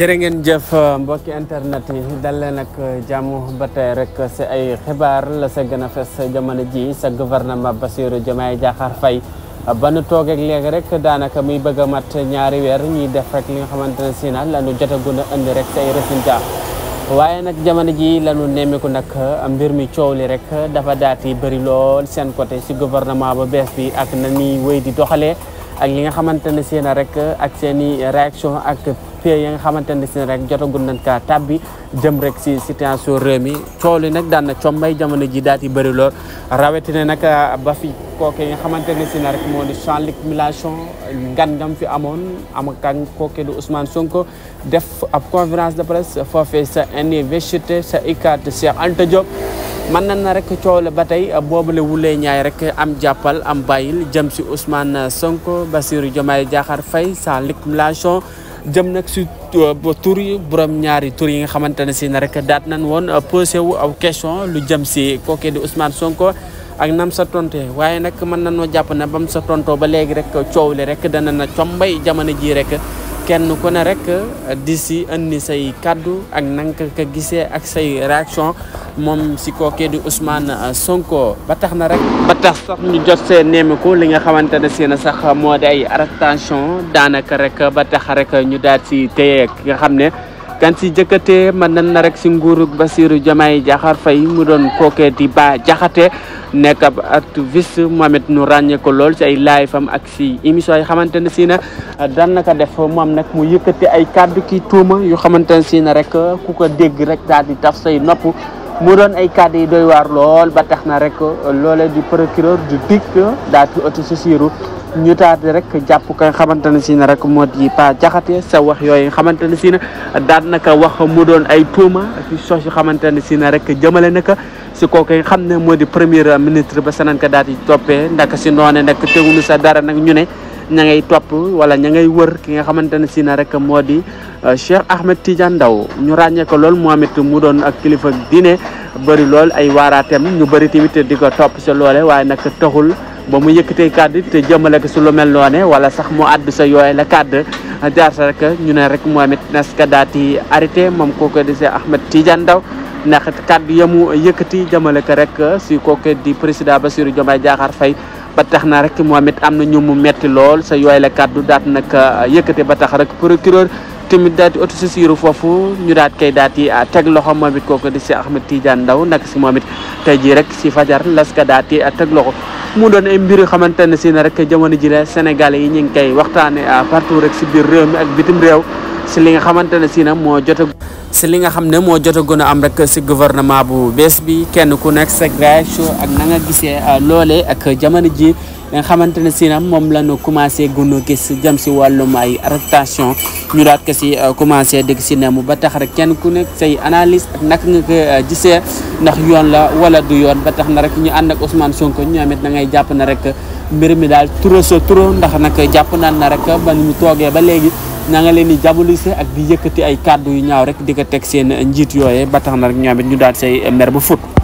jërë ngeen jëf mbokki internet yi dalee nag jàmm ba tey rek si ay xibaar la sa na a fes jamono ji sa gouvernement Bassirou Diomaye Diakhar Faye ba nu toogeeg léegi rek daanaka muy bëgg a mat ñaari weer ñuy def rek li nga xamante ne si na la nu jot a gën a indi rek si ay résultat waaye nag jamono ji la nu nemmiku nag mbir mi coow li rek dafa daat yi bëri lool seen côté si gouvernement ba bees bi ak na ñuy wéy di doxalee ak li nga xamante ne si na rek ak seen i réaction ak pay yi nga xamante ne si rek jotagul nañ ka tàbbi jëm rek si situation réew mi coow li nag daan na combay jamono ji daal di bëri lool rawatina nag ah, ba fi kooke yi nga xamante ne si rek moo di sans accumulation ngandam fi amoon am kan kooke di Ousmane Sonko def ab conférence de presse foofe sa université sa ICAT Cheikh Anta Diop man na na rek coow la ba tey boobule wulee ñaay rek am jàppal am bàyyil jëm si Ousmane Sonko Bassirou Diomaye Diakhar Faye sans accumulation jëm nag si euh, tur yi borom ñaari tur yi nga xamante ne si na rek daat nañ woon euh, posé wu aw question lu jëm si kooke di Ousmane Sonko ak nam sa tonte waaye nag mën nañoo jàpp ne bam sa tontoo ba léegi rek coow li rek dana na combay jamono jii rek. kenn ku ne rek eh, di si indi say kàddu ak nanka ka gisee ak say réaction moom si kookee di Ousmane eh, Sonko ba tax na rek ba tax sax ñu jot see neemiku li nga xamante ne si na sax moo di ay arrestation daanaka rek ba tax rek ñu daal si téye ki nga xam ne kan si jëkkatee mën nañ na rek si nguurug Bassirou Diomaye Diakhar fay mu doon kookee di ba Diakhaté nekk ab activiste moom it nu ràññeeku lool si ay laay fam ak si émission yi xamante ne si na daan na ko def moom nag mu yëkkati ay kàddu tuuma yu xamante ne si na rek ku ko dégg rek daal di taf say nopp mu doon ay kàddu yi doy waar lool ba tax na rek loolee di procureur du DIC daal di auto ñu taal di rek jàpp ka nga xamante ne si rek moo di Pa Jaxate sa wax yooyu xamante ne si ne daan naka wax mu doon ay tuuma soo sos yu xamante ne si ne rek jëmale naka si kooku xam ne moo di premier ministre ba sanan ka daal di toppee ndax si noone nag teguñu sa dara nag ñu ne ña ngay topp wala ña ngay wër ki nga xamante ne si na rek moo di euh, Cheikh Ahmed tiijan ndaw ñu ràññee lool moo it mu doon ak kilifa diine bëri lool ay waaraateem ñu bëri tamit di ko topp si loole waaye nag taxul. ba mu yëkkatee kàddu te jëmale ko su lu mel noone wala sax mu àddu sa yooye la kàddu jaar sa rek ñu ne rek moom it nas ka daati arrêté moom kooku di Cheikh Ahmed Tidiane Ndao ndax kàddu yamu yëkkati jëmale ko rek si kooku di président Bassirou Diomaye Diakhar Faye ba tax na rek moom am na ñu mu metti lool sa yooy la kàddu daat nag uh, yëkkate ba tax rek procureur tamit daal di foofu ñu daat kay daat yi uh, teg loxo moom it kooku di Cheikh Ahmed Tidiane Ndao nag si moom it tey jii rek si fajar las ka daat yi uh, teg loxo mu doon ay mbir yoo xamante ne si ne rek jamono ji la Sénégalais yi ñu ngi koy waxtaanee ah, partout rek si biir réew mi ak bitim réew si li nga xamante ne si na moo jot si li nga xam ne moo jot a am rek si gouvernement bu bees bi kenn ku nekk sa réaction ak na nga gisee ah, loolee ak jamono ji li nga xamante ne si moom la ñu commencé gën a gis jëm si wàllum ay arrestation ñu daat ko si euh, commencé dégg si ne mu ba tax rek kenn ku nekk say analyse ak naka nga ko euh, gisee ndax yoon la wala du yoon ba tax na rek ñu ànd ak Ousmane Sonko ñoom it da ngay jàpp na rek mbir mi daal trop sa trop ndax nag jàpp naan na rek ba ñu toogee ba léegi. na nga leen di si ak di yëkkati ay kàddu yu ñaaw rek di ko teg seen njiit yooye ba tax na rek ñoom ñu daal say mer ba fut